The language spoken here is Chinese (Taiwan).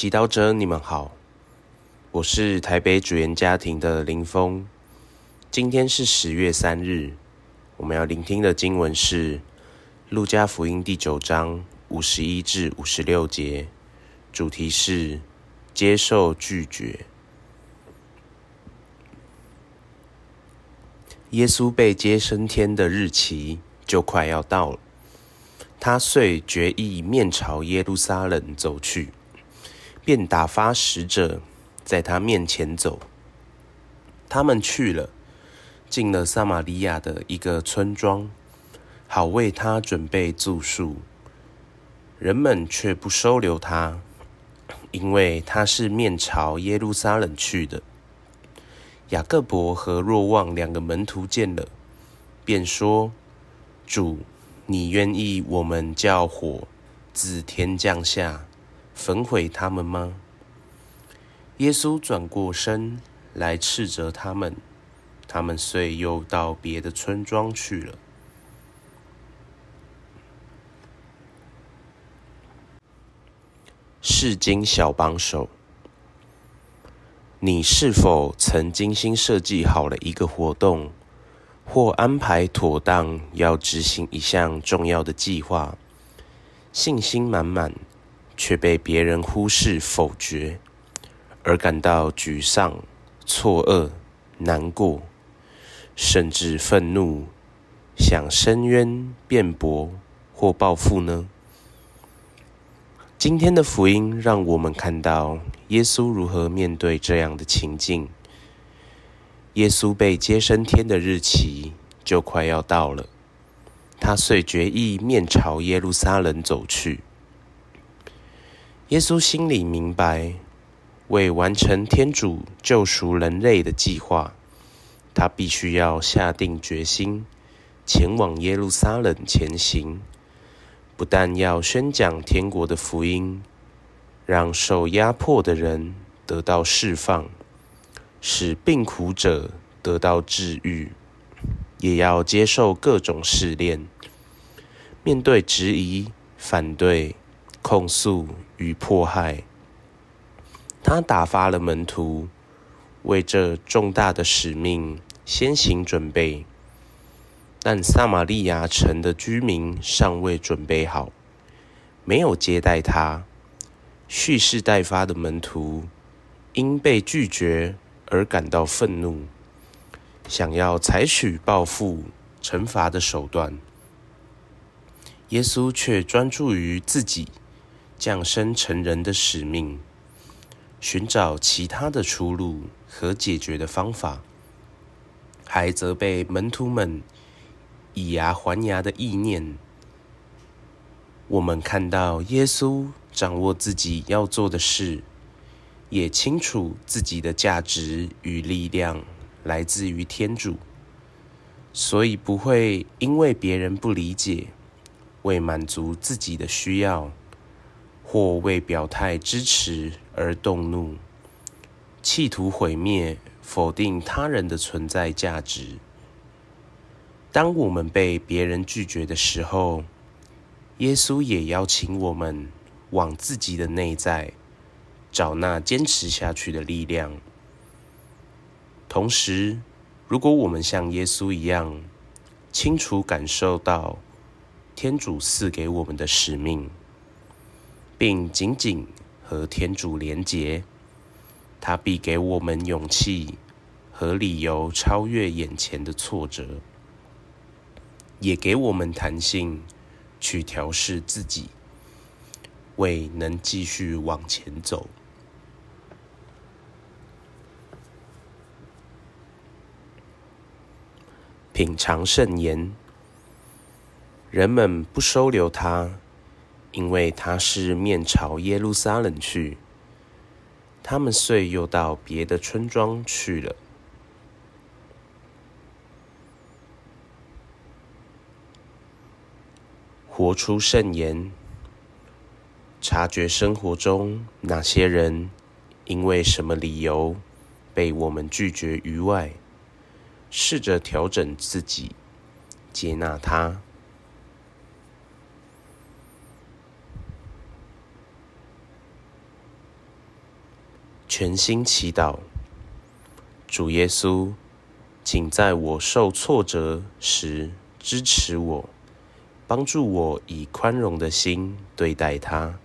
祈禱者，你們好，我是台北主言家庭的林峰。今天是十月三日，我們要聆聽的經文是《路加福音》第九章五十一至五十六節，主題是接受拒絕。耶穌被接升天的日期就快要到了，他遂決意面朝耶路撒冷走去。便打發使者在他面前走。他們去了，進了撒瑪黎雅的一個村莊，好為他準備住宿。人們却不收留他，因為他是面朝耶路撒冷去的。雅各伯和若望兩個門徒見了，便說：“主，你願意我們叫火自天降下？”焚毀他們嗎？耶穌轉過身來斥責他們，他們遂又到別的村莊去了。釋經小幫手，你是否曾精心設計好了一個活動，或安排妥當要執行一項重要的計劃，信心滿滿，卻被別人忽視、否決，而感到沮喪、錯愕、難過，甚至憤怒，想申冤、辯駁或報復呢？今天的福音讓我們看到耶穌如何面對這樣的情境。耶穌被接升天的日期就快要到了，他遂決意面朝耶路撒冷走去。耶穌心裡明白，為完成天主救贖人類的計劃，他必須要下定決心，前往耶路撒冷前行。不但要宣講天國的福音，讓受壓迫的人得到釋放，使病苦者得到治癒，也要接受各種試煉，面對質疑、反對。控訴與迫害。他打發了門徒，為這重大的使命先行準備，但撒瑪黎雅城的居民尚未準備好，沒有接待他。蓄勢待發的門徒因被拒絕而感到憤怒，想要採取報復懲罰的手段。耶穌卻專注於自己，降生成人的使命，尋找其他的出路和解決的方法，還責備門徒們以牙還牙的意念。我們看到耶穌掌握自己要做的事，也清楚自己的價值與力量來自於天主，所以不會因為別人不理解，未滿足自己的需要。或未表態支持而動怒，企圖毀滅、否定他人的存在價值。當我們被別人拒絕的時候，耶穌也邀請我們往自己的內在找那堅持下去的力量。同時，如果我們像耶穌一樣，清楚感受到天主賜給我們的使命。並緊緊和天主連結，他必給我們勇氣和理由超越眼前的挫折，也給我們彈性去調適自己，為能繼續往前走。品嘗聖言，人們不收留他。因為他是面朝耶路撒冷去，他們遂又到別的村莊去了。活出聖言，察覺生活中哪些人因為什麼理由被我們拒絕於外，試着調整自己，接納他。全心祈禱，主耶穌，請在我受挫折時支持我，幫助我以寬容的心對待他。